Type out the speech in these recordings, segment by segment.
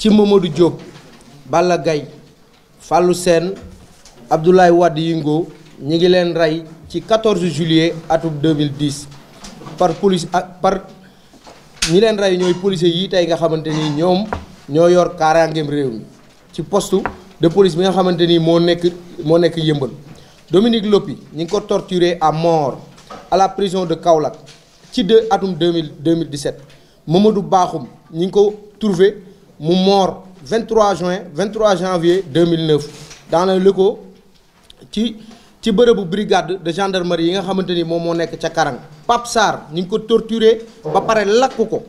ci Mamadou Diop Balla Gaye Fallou Sène Abdoulaye Wade Yingo ñi ngi leen rey ci 14 juillet atum 2010 par police ak ah, par ñi leen rey ñooy policiers yii tey nga xamante ni ñoom ñoo yor kaaraangeem réew mi ci postu de police bi nga xamante ni moo nekk moo nekk yëmbal Dominique Lopi ñi ngi ko torturé à mort à la prison de Kaolack ci 2 atum 2000 2017 Mamadou Bakhoum ñi ngi ko trouvé mu moor 23 juin 23 janvier 2009 daana li ko ci ci bërëbu brigade de gendarmerie yi nga xamante ni moom moo nekk ca Karang Pape ñu ngi ko torturé ba pare lakk ko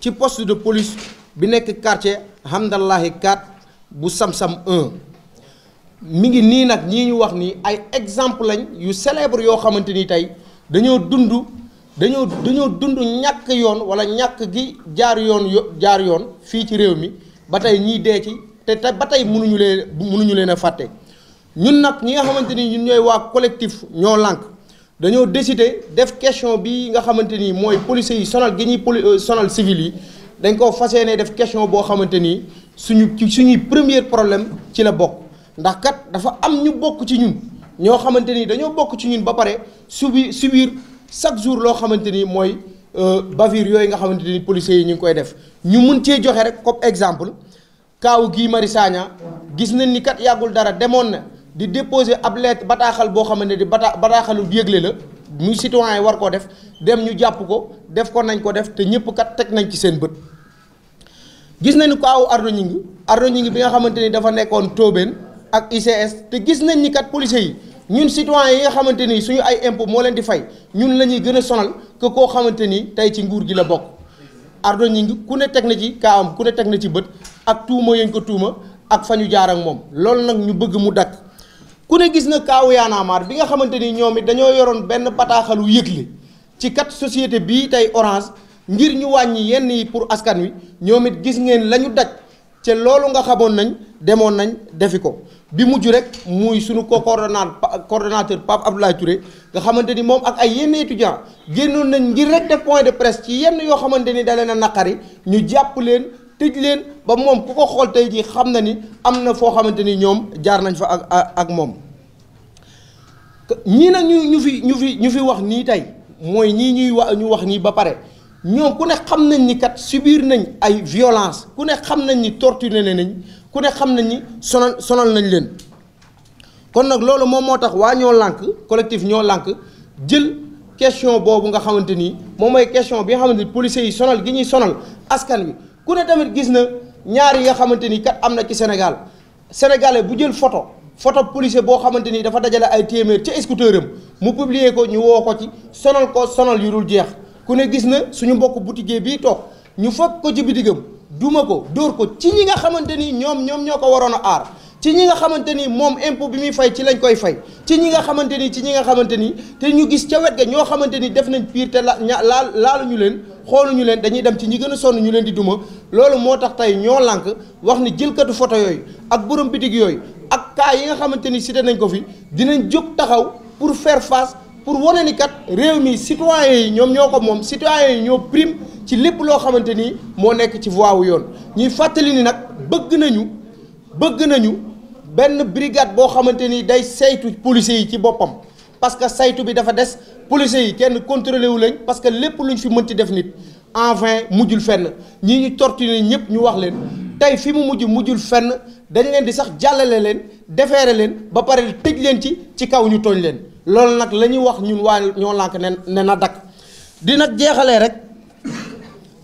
ci poste de police bi nekk quartier Hamdallahi 4 bu Samsam 1 mi ngi nii nag ñii ñu wax nii ay exemple lañ yu selebre yoo xamante ni tey dañoo dund dañoo dañoo dund ñàkk yoon wala ñàkk gi jaar yoon jaar yoon fii ci réew mi ba tey ñiy dee ci te te ba tey munuñu leen munuñu leen a fàtte ñun nag ñi nga xamante ni ñun ñooy waa collectif ñoo lànk dañoo décider def question bi nga xamante ni mooy policiers yi sonal gi ñuy poli euh, sonal civil yi dañ koo fas ne def question boo xamante ni suñu ci suñuy première problème ci la bokk ndax kat dafa am ñu bokk ci ñun ñoo xamante ni dañoo bokk ci ñun ba pare subi subir chaque jour loo xamante ni mooy. Euh, bavure yooyu nga xamante ni policiers yi ñu ngi koy def ñu mun cee joxe rek comme exemple kaaw gii Marius Sagna gis nañ ni kat yàggul dara demoon na di déposer ab lekk bataaxal boo xamante ni bata bataaxalu yëgle la muy citoyen yi war koo def dem ñu jàpp ko def ko nañ ko def te ñëpp kat teg nañ ci seen bët. gis nañu kaaw ngi Gningue Ardo ngi bi nga xamante ni dafa nekkoon Tobène ak ICS te gis nañ ni kat policiers yi ñun citoyen yi nga xamante ni suñu ay impôt moo leen di fay ñun la ñuy gën a sonal. que koo xamante ni tey ci nguur gi la bokk ardo ñi ku ne teg na ci kaam ku ne teg na ci bët ak tuuma yañ ko tuuma ak fa ñu jaar moom loolu nag ñu bëgg mu dakk ku ne gis na kaawu yaanaamaar bi nga xamante ni ñoom it dañoo yoroon benn bataaxalu yëgle ci kat société bii tey orange ngir ñu wàññi yenn yi pour askan wi ñoom it gis ngeen lañu daj te loolu nga xamoon nañ demoon nañ defi ko bi mujj rek muy suñu ko coordonnateur Pape Abdoulaye Touré nga xamante ni moom ak ay yenn étudiants génnoon nañ ngir rek def point de presse ci yenn yoo xamante ni da leen a naqari ñu jàpp leen tëj leen ba moom ku ko xool tey jii xam na ni am na foo xamante ni ñoom jaar nañ fa ak ak moom. ñii nag ñu ñu fi ñu fi ñu fi wax nii tey mooy ñii ñuy wa ñu wax nii ba pare ñoom ku ne xam nañ ni kat subir nañ ay violence ku ne xam nañ ni torturer nañ. ku ne xam nañ ni sonal sonal nañ leen kon nag loolu moom moo tax waa ñoo lànk collectif ñoo lànk jël question boobu nga xamante ni moom mooy question bi nga xamante ni policiers yi sonal gi ñuy sonal askan wi ku ne tamit gis na ñaar yi nga xamante ni kat am na ci Sénégal sénégalais bu jël photo photo policier boo xamante ni dafa dajale ay téeméer ci scooter am mu publier ko ñu wow ko ci sonal ko sonal yu dul jeex ku ne gis na suñu mbokk boutiquier bii toog ñu fekk ko ci bitigam duma ko dóor ko ci ñi nga xamante ni ñoom ñoom ñoo ko waroon a aar ci ñi nga xamante ni moom impôt bi muy fay ci lañ koy fay ci ñi nga xamante ni ci ñi nga xamante ni te ñu gis ca wet ga ñoo xamante ni def nañ piir te la ña laal laaluñu leen xooluñu leen dañuy dem ci ñi gën a sonn ñu leen di duma loolu moo tax tey ñoo lànk wax ni jëlkatu photo yooyu ak borom bitig yooyu ak kaa yi nga xamante ni cité nañ ko fi dinañ jóg taxaw pour faire face pour wane ni kat réew mi citoyen yi ñoom ñoo ko moom citoyen yi ñoo prime ci lépp loo xamante ni moo nekk ci voie wu yoon ñuy fàttali ni nag bëgg nañu bëgg nañu benn brigade boo xamante ni day saytu policiers yi ci boppam parce que saytu bi dafa des policiers yi kenn contrôlé wu lañ parce que lépp luñ fi mënti def nit en vain mujjul fenn ñi ñu torturer ñëpp ñu wax leen tey fi mu mujj mujjul fenn dañ leen di sax jàllale leen defeere leen ba pare tëj leen ci ci kaw ñu tooñ leen loolu nag la ñuy wax ñun waa ñoo lànk ne ne na dakk dina jeexalee rek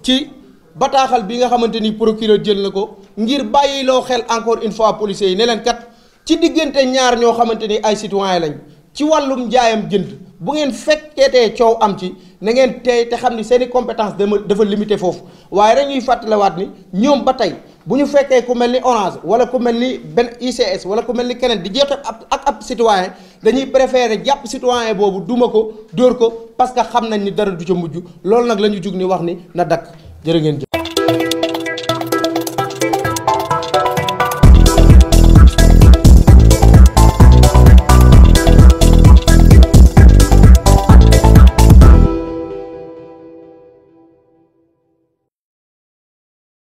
ci bataaxal bi nga xamante ni procureur jël na ko ngir bàyyi loo xel encore une fois policiers yi ne leen kat ci diggante ñaar ñoo xamante ni ay citoyen lañ ci wàllum njaayam jënd bu ngeen fekketee coow am ci na ngeen tey te xam ni seen i compétence dafa limité foofu waaye rek ñuy fàttalewaat ni ñoom ba tey bu ñu fekkee ku mel ni orange wala ku mel ni benn ICS wala ku mel ni keneen di jeex ab ak ab citoyen dañuy préférer jàpp citoyen boobu duma ko dóor ko parce que xam nañ ni dara du ca mujj loolu nag la ñu jug ni wax ni na dakk jërë ngeen jëf